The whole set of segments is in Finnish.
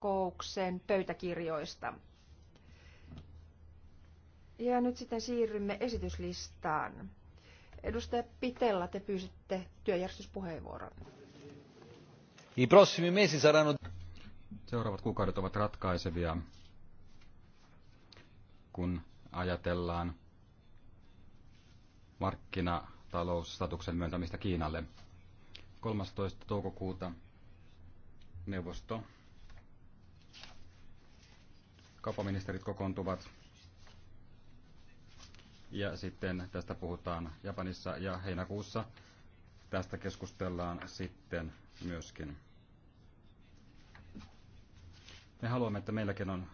kokouksen pöytäkirjoista. Ja nyt sitten siirrymme esityslistaan. Edustaja Pitella, te pyysitte työjärjestyspuheenvuoron. I prossimi mesi saranno... Seuraavat kuukaudet ovat ratkaisevia, kun ajatellaan markkinataloustatuksen myöntämistä Kiinalle. 13. toukokuuta neuvosto kauppaministerit kokoontuvat. Ja sitten tästä puhutaan Japanissa ja heinäkuussa. Tästä keskustellaan sitten myöskin. Me haluamme, että meilläkin on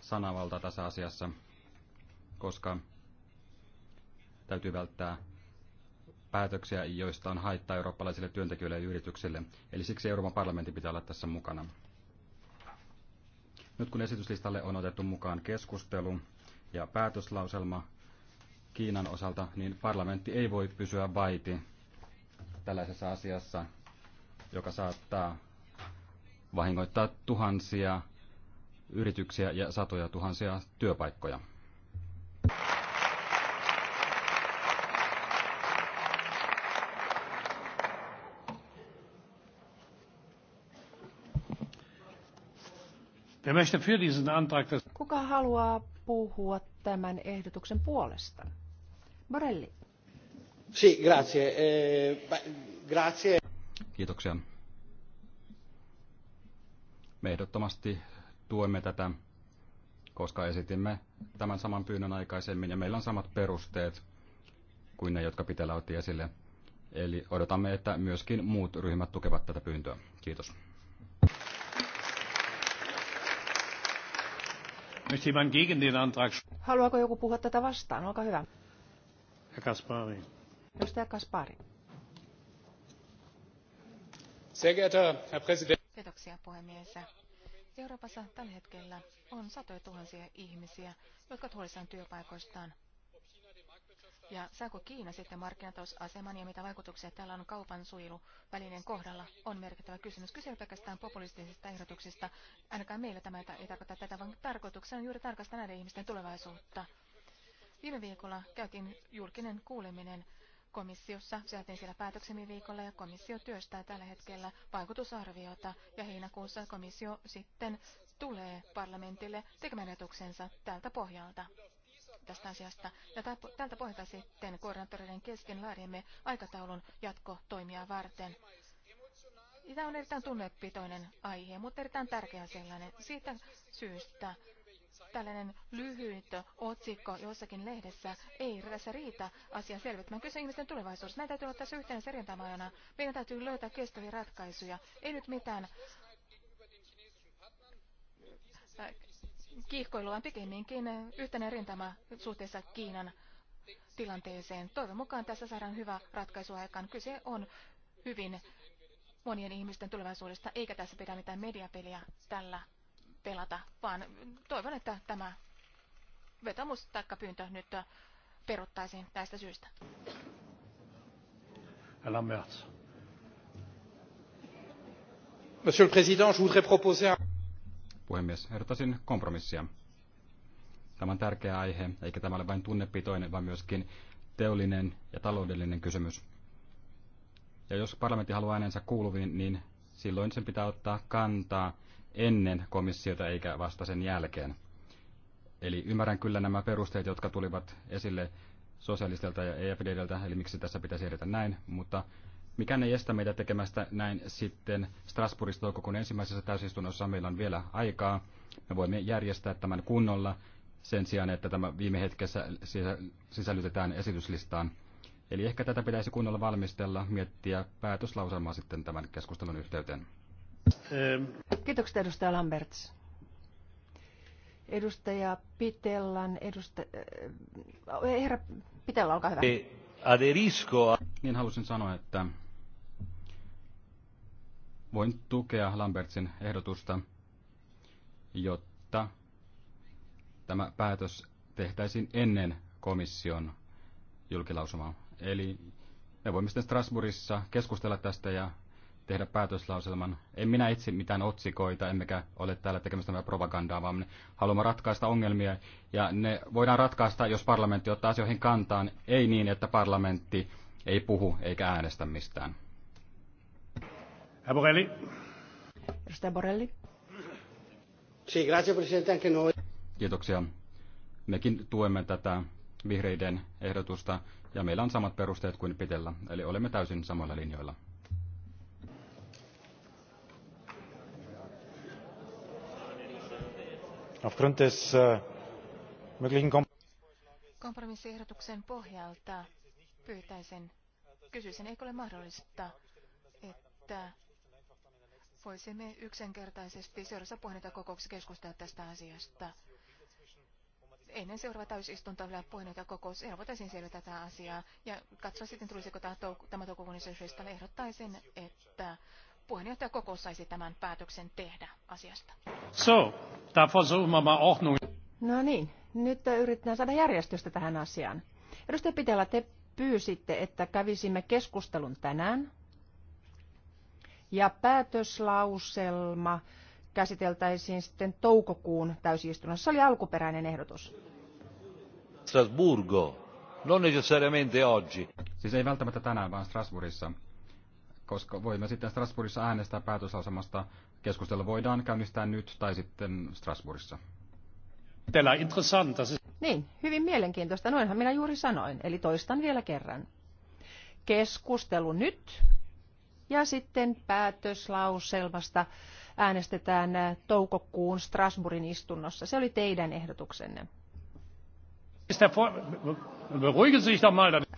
sanavalta tässä asiassa, koska täytyy välttää päätöksiä, joista on haittaa eurooppalaisille työntekijöille ja yrityksille. Eli siksi Euroopan parlamentin pitää olla tässä mukana. Nyt kun esityslistalle on otettu mukaan keskustelu ja päätöslauselma Kiinan osalta, niin parlamentti ei voi pysyä vaiti tällaisessa asiassa, joka saattaa vahingoittaa tuhansia yrityksiä ja satoja tuhansia työpaikkoja. Kuka haluaa puhua tämän ehdotuksen puolesta? Borelli. Si, grazie. Eh, grazie. Kiitoksia. Me ehdottomasti tuemme tätä, koska esitimme tämän saman pyynnön aikaisemmin ja meillä on samat perusteet kuin ne, jotka pitää otti esille. Eli odotamme, että myöskin muut ryhmät tukevat tätä pyyntöä. Kiitos. Haluaako joku puhua tätä vastaan? Olkaa hyvä. Herr Kaspari. Edustaja Kaspari. Sehr geehrter Herr Präsident. Kiitoksia puhemies. Euroopassa tällä hetkellä on satoja tuhansia ihmisiä, jotka ovat huolissaan työpaikoistaan ja saako Kiina sitten markkinatalousaseman ja mitä vaikutuksia tällä on kaupan suojeluvälineen kohdalla, on merkittävä kysymys. Kyse pelkästään populistisista ehdotuksista. Ainakaan meillä tämä ei tarkoita tätä, vaan tarkoituksena on juuri tarkastaa näiden ihmisten tulevaisuutta. Viime viikolla käytiin julkinen kuuleminen komissiossa. Säätiin siellä päätöksemme viikolla ja komissio työstää tällä hetkellä vaikutusarviota. Ja heinäkuussa komissio sitten tulee parlamentille tekemään tältä pohjalta tästä asiasta. Ja tältä pohjalta sitten koordinaattoreiden kesken laadimme aikataulun jatkotoimia varten. Tämä on erittäin tunnepitoinen aihe, mutta erittäin tärkeä sellainen. Siitä syystä tällainen lyhyt otsikko jossakin lehdessä ei tässä riitä asian selvittämään. Kyse ihmisten tulevaisuus. Näitä täytyy olla tässä yhtenä serintämajana. Meidän täytyy löytää kestäviä ratkaisuja. Ei nyt mitään kiihkoilu, vaan pikemminkin yhtenä rintama suhteessa Kiinan tilanteeseen. Toivon mukaan tässä saadaan hyvä ratkaisu aikaan. Kyse on hyvin monien ihmisten tulevaisuudesta, eikä tässä pidä mitään mediapeliä tällä pelata, vaan toivon, että tämä vetomus tai pyyntö nyt peruttaisiin tästä syystä. Monsieur le Président, je voudrais proposer un puhemies. Ehdottaisin kompromissia. Tämä on tärkeä aihe, eikä tämä ole vain tunnepitoinen, vaan myöskin teollinen ja taloudellinen kysymys. Ja jos parlamentti haluaa äänensä kuuluviin, niin silloin sen pitää ottaa kantaa ennen komissiota eikä vasta sen jälkeen. Eli ymmärrän kyllä nämä perusteet, jotka tulivat esille sosialistilta ja EFDltä, eli miksi tässä pitäisi edetä näin, mutta Mikään ei estä meitä tekemästä näin sitten Strasbourgista toukokuun ensimmäisessä täysistunnossa meillä on vielä aikaa. Me voimme järjestää tämän kunnolla sen sijaan, että tämä viime hetkessä sisällytetään esityslistaan. Eli ehkä tätä pitäisi kunnolla valmistella, miettiä päätöslauselmaa sitten tämän keskustelun yhteyteen. Ähm. Kiitokset edustaja Lamberts. Edustaja Pitellan, edustaja... Äh, herra Pitella, olkaa hyvä. Aderisko, Niin halusin sanoa, että voin tukea Lambertsin ehdotusta, jotta tämä päätös tehtäisiin ennen komission julkilausumaa. Eli me voimme sitten Strasbourgissa keskustella tästä ja tehdä päätöslauselman. En minä etsi mitään otsikoita, emmekä ole täällä tekemässä propagandaa, vaan me haluamme ratkaista ongelmia. Ja ne voidaan ratkaista, jos parlamentti ottaa asioihin kantaan, ei niin, että parlamentti ei puhu eikä äänestä mistään. Kiitoksia. Mekin tuemme tätä vihreiden ehdotusta ja meillä on samat perusteet kuin Pitellä, eli olemme täysin samoilla linjoilla. Eh, Kompromissiehdotuksen pohjalta pyytäisin, kysyisin, eikö ole mahdollista, että voisimme yksinkertaisesti seuraavassa puheenjohtajakokouksessa keskustella tästä asiasta. Ennen seuraavaa täysistuntoa vielä puheenjohtajakokous voitaisiin selvitä tätä asiaa ja katsoa sitten tulisiko tämä toukokuun syystä, ehdottaisin, että puheenjohtajakokous saisi tämän päätöksen tehdä asiasta. So, da No niin, nyt yritetään saada järjestystä tähän asiaan. Edustaja Pitela, te pyysitte, että kävisimme keskustelun tänään ja päätöslauselma käsiteltäisiin sitten toukokuun täysistunnossa. Se oli alkuperäinen ehdotus. Strasburgo, non necessariamente oggi. Siis ei välttämättä tänään, vaan Strasbourgissa, koska voimme sitten Strasbourgissa äänestää päätöslauselmasta. Keskustelu voidaan käynnistää nyt tai sitten Strasbourgissa. Niin, hyvin mielenkiintoista. Noinhan minä juuri sanoin, eli toistan vielä kerran. Keskustelu nyt ja sitten päätöslauselmasta äänestetään toukokuun Strasbourgin istunnossa. Se oli teidän ehdotuksenne.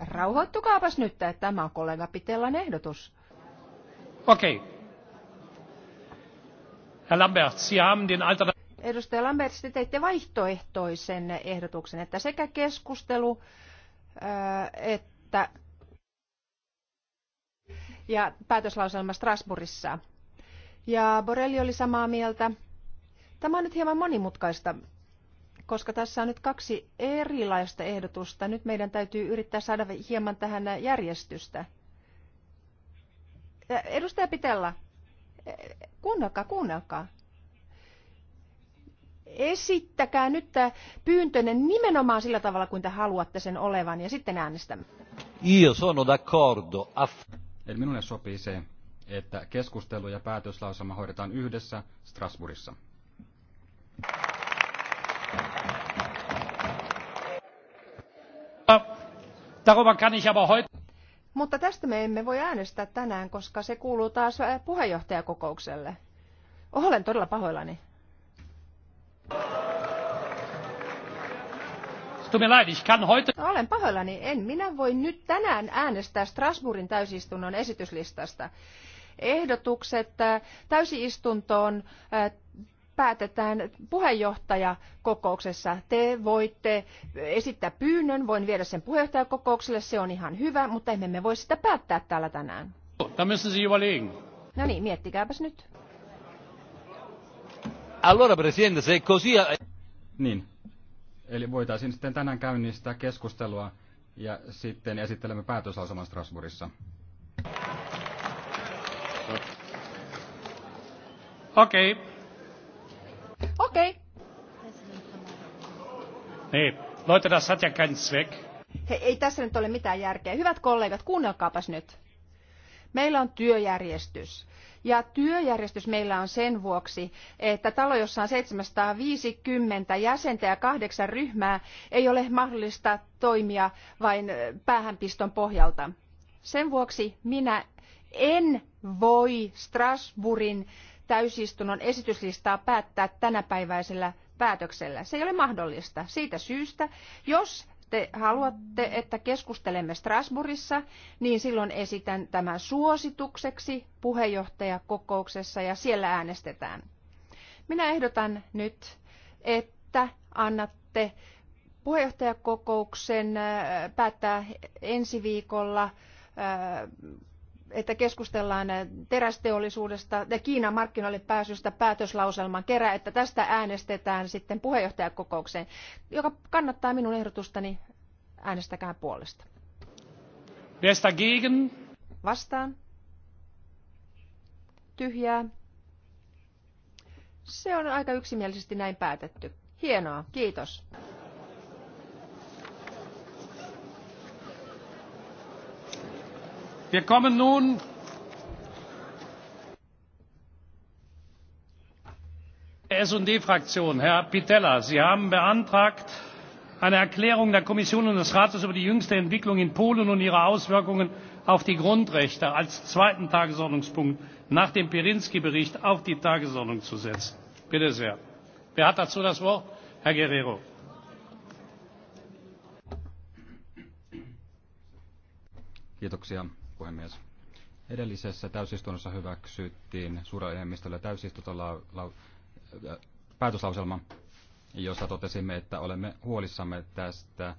Rauhoittukaapas nyt, että tämä on kollega Pitellan ehdotus. Okei. Okay. Lambert, Sie haben den Alter... Edustaja Lambert, te teitte vaihtoehtoisen ehdotuksen, että sekä keskustelu äh, että ja päätöslauselma Strasbourgissa. Ja Borelli oli samaa mieltä. Tämä on nyt hieman monimutkaista, koska tässä on nyt kaksi erilaista ehdotusta. Nyt meidän täytyy yrittää saada hieman tähän järjestystä. Edustaja Pitella, kuunnelkaa, kuunnelkaa. Esittäkää nyt tämä pyyntöinen nimenomaan sillä tavalla kuin te haluatte sen olevan ja sitten äänestämme. Io sono d'accordo. Eli minulle sopii se, että keskustelu ja päätöslauselma hoidetaan yhdessä Strasbourgissa. Mutta tästä me emme voi äänestää tänään, koska se kuuluu taas äh, puheenjohtajakokoukselle. Olen todella pahoillani. No, olen pahoillani, en minä voi nyt tänään äänestää Strasbourgin täysistunnon esityslistasta. Ehdotukset äh, täysistuntoon äh, päätetään puheenjohtajakokouksessa. Te voitte esittää pyynnön, voin viedä sen puheenjohtajakokoukselle, se on ihan hyvä, mutta emme me voi sitä päättää täällä tänään. Oh, no niin, miettikääpäs nyt. Allora, Presidente, se così... Eh, niin, Eli voitaisiin sitten tänään käynnistää keskustelua ja sitten esittelemme päätöslausuman Strasbourgissa. Okei. Okei. Niin, loitetaan satja hat Hei, ei tässä nyt ole mitään järkeä. Hyvät kollegat, kuunnelkaapas nyt. Meillä on työjärjestys. Ja työjärjestys meillä on sen vuoksi, että talo, jossa on 750 jäsentä ja kahdeksan ryhmää, ei ole mahdollista toimia vain päähänpiston pohjalta. Sen vuoksi minä en voi Strasbourgin täysistunnon esityslistaa päättää tänäpäiväisellä päätöksellä. Se ei ole mahdollista siitä syystä, jos te haluatte, että keskustelemme Strasbourgissa, niin silloin esitän tämän suositukseksi puheenjohtajakokouksessa ja siellä äänestetään. Minä ehdotan nyt, että annatte puheenjohtajakokouksen äh, päättää ensi viikolla äh, että keskustellaan terästeollisuudesta ja Kiinan markkinoille pääsystä päätöslauselman kerran, että tästä äänestetään sitten puheenjohtajakokoukseen, joka kannattaa minun ehdotustani äänestäkää puolesta. Vastaan. Tyhjää. Se on aika yksimielisesti näin päätetty. Hienoa, kiitos. Wir kommen nun S&D Fraktion, Herr Pitella, Sie haben beantragt, eine Erklärung der Kommission und des Rates über die jüngste Entwicklung in Polen und ihre Auswirkungen auf die Grundrechte als zweiten Tagesordnungspunkt nach dem Pirinski-Bericht auf die Tagesordnung zu setzen. Bitte sehr. Wer hat dazu das Wort? Herr Guerrero. Kiitoksia puhemies. Edellisessä täysistunnossa hyväksyttiin suurella enemmistöllä täysistuntola- äh, päätöslauselma, jossa totesimme, että olemme huolissamme tästä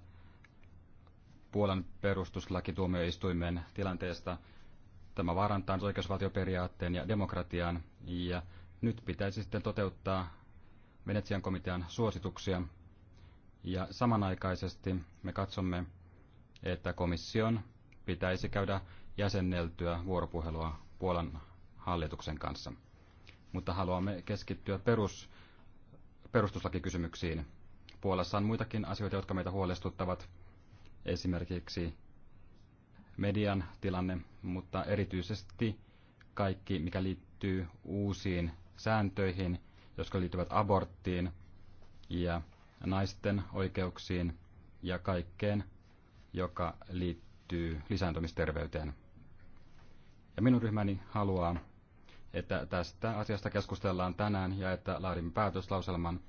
Puolan perustuslakituomioistuimen tilanteesta. Tämä vaarantaa oikeusvaltioperiaatteen ja demokratian, ja nyt pitäisi sitten toteuttaa Venetsian komitean suosituksia. Ja samanaikaisesti me katsomme, että komission pitäisi käydä jäsenneltyä vuoropuhelua Puolan hallituksen kanssa. Mutta haluamme keskittyä perus, perustuslakikysymyksiin. Puolassa on muitakin asioita, jotka meitä huolestuttavat, esimerkiksi median tilanne, mutta erityisesti kaikki, mikä liittyy uusiin sääntöihin, jotka liittyvät aborttiin ja naisten oikeuksiin ja kaikkeen, joka liittyy lisääntymisterveyteen. Ja minun ryhmäni haluaa, että tästä asiasta keskustellaan tänään ja että laadimme päätöslauselman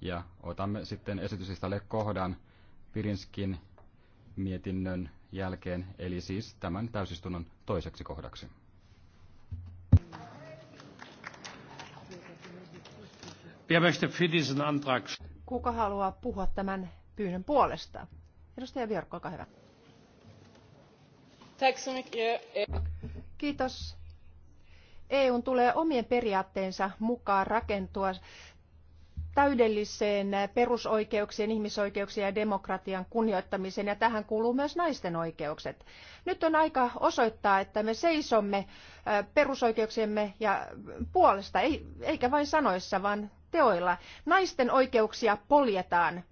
ja otamme sitten esityslistalle kohdan Pirinskin mietinnön jälkeen, eli siis tämän täysistunnon toiseksi kohdaksi. Kuka haluaa puhua tämän pyynnön puolesta? Edustaja Björk, olkaa hyvä. Tack så mycket. Kiitos. EUn tulee omien periaatteensa mukaan rakentua täydelliseen perusoikeuksien, ihmisoikeuksien ja demokratian kunnioittamiseen ja tähän kuuluu myös naisten oikeukset. Nyt on aika osoittaa, että me seisomme perusoikeuksiemme ja puolesta, eikä vain sanoissa, vaan teoilla. Naisten oikeuksia poljetaan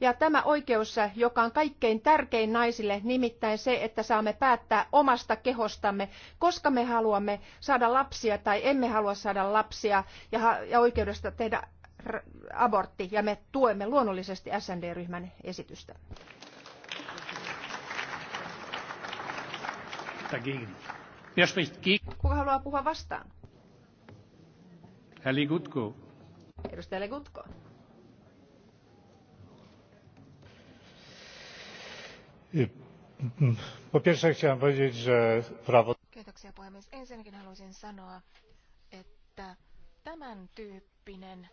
ja tämä oikeus, joka on kaikkein tärkein naisille, nimittäin se, että saamme päättää omasta kehostamme, koska me haluamme saada lapsia tai emme halua saada lapsia ja, ja oikeudesta tehdä abortti. Ja me tuemme luonnollisesti SND-ryhmän esitystä. Kuka haluaa puhua vastaan? Herr Legutko. Edustaja Legutko. Mm, po puhemies. Ensinnäkin haluaisin sanoa, että tämän tyyppinen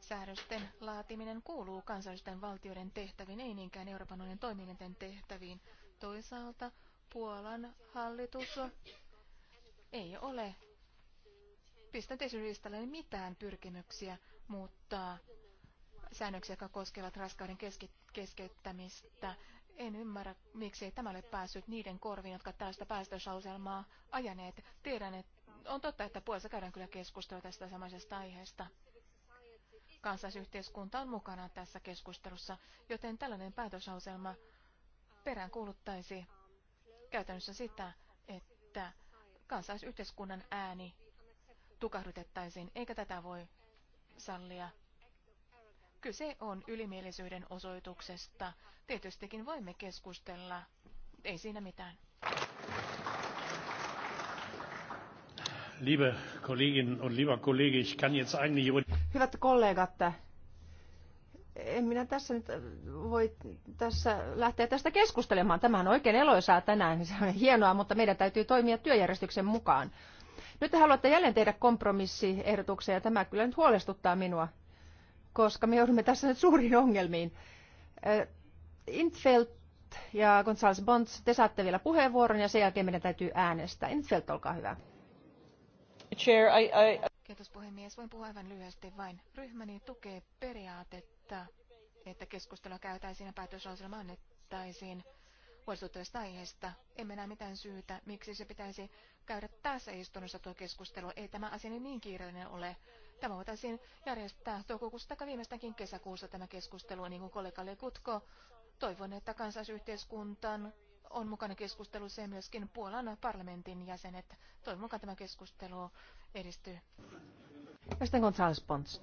säädösten laatiminen kuuluu kansallisten valtioiden tehtäviin, ei niinkään Euroopan unionin toimielinten tehtäviin. Toisaalta Puolan hallitus ei ole pistänyt esilistalle mitään pyrkimyksiä muuttaa säännöksiä, jotka koskevat raskauden keskeyttämistä. En ymmärrä, miksi tämä ole päässyt niiden korviin, jotka tästä päästösauselmaa ajaneet. Tiedän, että on totta, että puolessa käydään kyllä keskustelua tästä samaisesta aiheesta. Kansalaisyhteiskunta on mukana tässä keskustelussa, joten tällainen päätösauselma peräänkuuluttaisi käytännössä sitä, että kansalaisyhteiskunnan ääni tukahdutettaisiin, eikä tätä voi sallia. Kyse on ylimielisyyden osoituksesta. Tietystikin voimme keskustella. Ei siinä mitään. Liebe Kollegin und lieber Kollege, ich kann jetzt eigentlich... Hyvät kollegat, en minä tässä nyt voi tässä lähteä tästä keskustelemaan. Tämä on oikein eloisaa tänään, se on hienoa, mutta meidän täytyy toimia työjärjestyksen mukaan. Nyt te haluatte jälleen tehdä kompromissiehdotuksia ja tämä kyllä nyt huolestuttaa minua koska me joudumme tässä nyt suuriin ongelmiin. Intfeld ja Gonzales Bonds, te saatte vielä puheenvuoron ja sen jälkeen meidän täytyy äänestää. Intfeld, olkaa hyvä. Chair, I, I... Kiitos puhemies. Voin puhua aivan lyhyesti vain. Ryhmäni tukee periaatetta, että keskustelua käytäisiin ja päätöslauselma annettaisiin huolestuttavasta aiheesta. Emme näe mitään syytä, miksi se pitäisi käydä tässä istunnossa tuo keskustelu. Ei tämä asia niin kiireellinen ole. Tämä voitaisiin järjestää toukokuussa tai viimeistäänkin kesäkuussa tämä keskustelu, niin kuin kollega Kutko. Toivon, että kansalaisyhteiskuntaan on mukana keskustelussa ja myöskin Puolan parlamentin jäsenet. Toivon mukaan tämä keskustelu edistyy. sitten González Pons.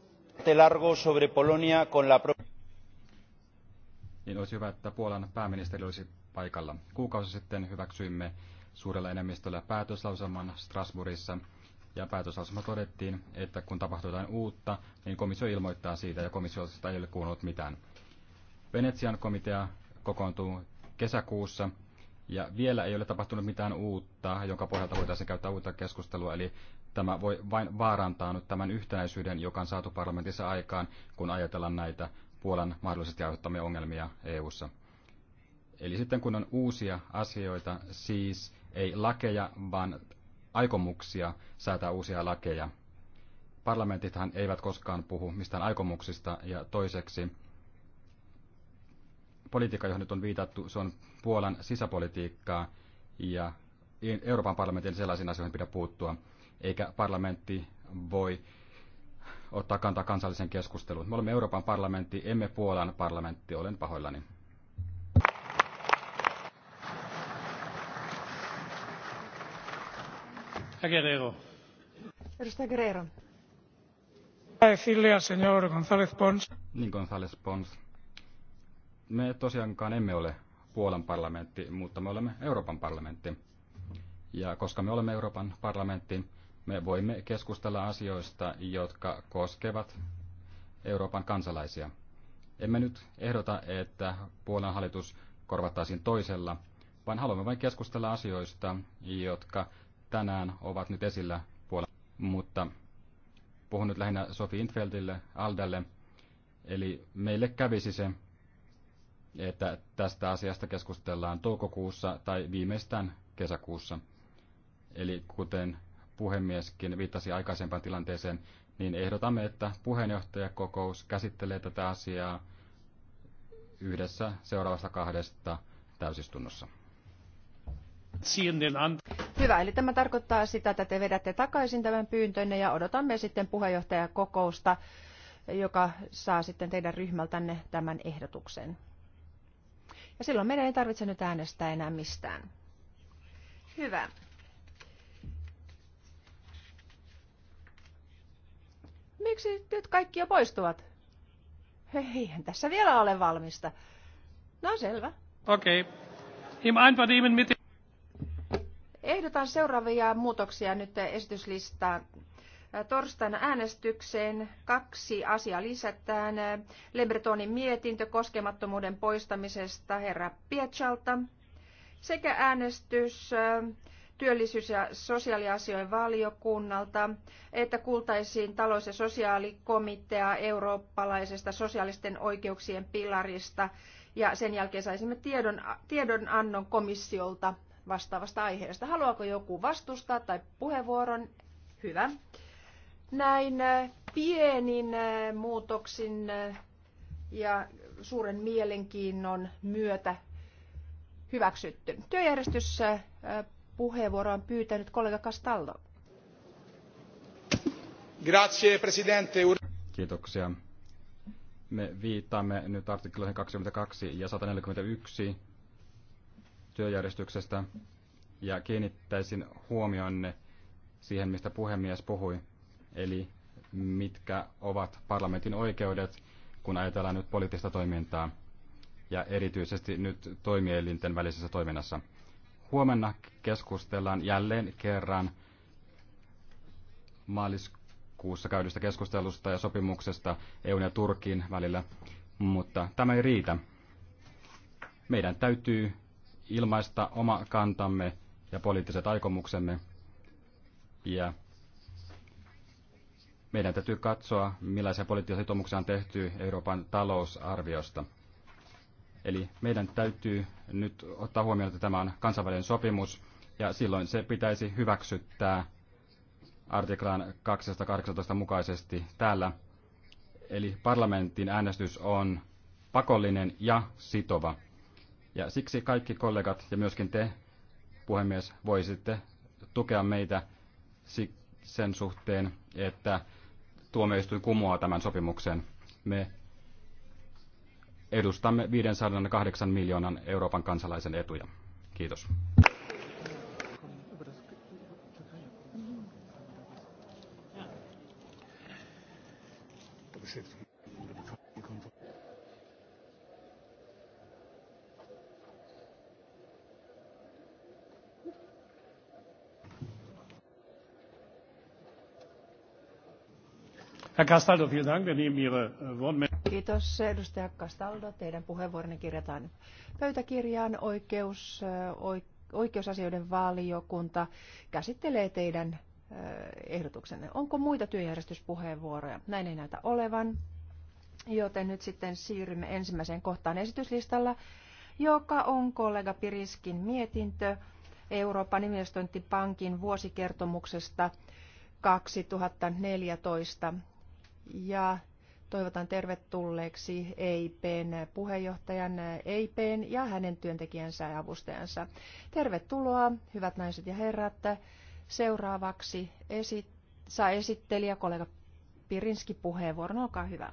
sobre Polonia con la niin olisi hyvä, että Puolan pääministeri olisi paikalla. Kuukausi sitten hyväksyimme suurella enemmistöllä päätöslausaman Strasbourgissa – ja päätösasema todettiin, että kun tapahtuu jotain uutta, niin komissio ilmoittaa siitä ja komissio ei ole kuulunut mitään. Venetsian komitea kokoontuu kesäkuussa ja vielä ei ole tapahtunut mitään uutta, jonka pohjalta voitaisiin käyttää uutta keskustelua. Eli tämä voi vain vaarantaa nyt tämän yhtenäisyyden, joka on saatu parlamentissa aikaan, kun ajatellaan näitä Puolan mahdollisesti aiheuttamia ongelmia EU:ssa. Eli sitten kun on uusia asioita, siis ei lakeja, vaan aikomuksia säätää uusia lakeja. Parlamentithan eivät koskaan puhu mistään aikomuksista ja toiseksi politiikka, johon nyt on viitattu, se on Puolan sisäpolitiikkaa ja Euroopan parlamentin sellaisiin asioihin pidä puuttua, eikä parlamentti voi ottaa kantaa kansallisen keskusteluun. Me olemme Euroopan parlamentti, emme Puolan parlamentti, olen pahoillani. arvoisa puhemies Guerrero. González Pons. Niin, González Pons. Me tosiaankaan emme ole Puolan parlamentti, mutta me olemme Euroopan parlamentti. Ja koska me olemme Euroopan parlamentti, me voimme keskustella asioista, jotka koskevat Euroopan kansalaisia. Emme nyt ehdota, että Puolan hallitus korvattaisiin toisella, vaan haluamme vain keskustella asioista, jotka tänään ovat nyt esillä puolella, mutta puhun nyt lähinnä Sofi Intfeldille, Aldelle. Eli meille kävisi se, että tästä asiasta keskustellaan toukokuussa tai viimeistään kesäkuussa. Eli kuten puhemieskin viittasi aikaisempaan tilanteeseen, niin ehdotamme, että puheenjohtajakokous käsittelee tätä asiaa yhdessä seuraavasta kahdesta täysistunnossa. Hyvä, eli tämä tarkoittaa sitä, että te vedätte takaisin tämän pyyntönne ja odotamme sitten puheenjohtajakokousta, joka saa sitten teidän ryhmältänne tämän ehdotuksen. Ja silloin meidän ei tarvitse nyt äänestää enää mistään. Hyvä. Miksi nyt kaikki jo poistuvat? Eihän tässä vielä ole valmista. No selvä. Okei. Okay. Im Einvernehmen mit Ehdotan seuraavia muutoksia nyt esityslistaan. Torstaina äänestykseen kaksi asiaa lisätään. Lebretonin mietintö koskemattomuuden poistamisesta herra Pietsalta sekä äänestys työllisyys- ja sosiaaliasioiden valiokunnalta, että kuultaisiin talous- ja sosiaalikomitea eurooppalaisesta sosiaalisten oikeuksien pilarista ja sen jälkeen saisimme tiedon, tiedonannon komissiolta vastaavasta aiheesta. Haluaako joku vastustaa tai puheenvuoron? Hyvä. Näin äh, pienin äh, muutoksin äh, ja suuren mielenkiinnon myötä hyväksytty. työjärjestyssä puheenvuoro on pyytänyt kollega Castaldo. Grazie, presidente. Kiitoksia. Me viittaamme nyt artikloihin 22 ja 141 työjärjestyksestä ja kiinnittäisin huomionne siihen, mistä puhemies puhui, eli mitkä ovat parlamentin oikeudet, kun ajatellaan nyt poliittista toimintaa ja erityisesti nyt toimielinten välisessä toiminnassa. Huomenna keskustellaan jälleen kerran maaliskuussa käydystä keskustelusta ja sopimuksesta EUn ja Turkin välillä, mutta tämä ei riitä. Meidän täytyy ilmaista oma kantamme ja poliittiset aikomuksemme. Ja meidän täytyy katsoa, millaisia poliittisia sitoumuksia on tehty Euroopan talousarviosta. Eli meidän täytyy nyt ottaa huomioon, että tämä on kansainvälinen sopimus, ja silloin se pitäisi hyväksyttää artiklan 218 mukaisesti täällä. Eli parlamentin äänestys on pakollinen ja sitova. Ja siksi kaikki kollegat ja myöskin te, puhemies, voisitte tukea meitä sen suhteen, että tuomioistuin kumoaa tämän sopimuksen. Me edustamme 508 miljoonan Euroopan kansalaisen etuja. Kiitos. Castaldo, vielen Dank. Wir nehmen Ihre äh, Wortmeldung. Kiitos edustaja Castaldo. Teidän puheenvuoronne kirjataan pöytäkirjaan. Oikeus, äh, oikeusasioiden valiokunta käsittelee teidän äh, ehdotuksenne. Onko muita työjärjestyspuheenvuoroja? Näin ei näytä olevan. Joten nyt sitten siirrymme ensimmäiseen kohtaan esityslistalla, joka on kollega Piriskin mietintö Euroopan investointipankin vuosikertomuksesta 2014 ja toivotan tervetulleeksi EIPn puheenjohtajan EIPn ja hänen työntekijänsä ja avustajansa. Tervetuloa, hyvät naiset ja herrat. Seuraavaksi esi- saa esittelijä kollega Pirinski puheenvuoron. Olkaa hyvä.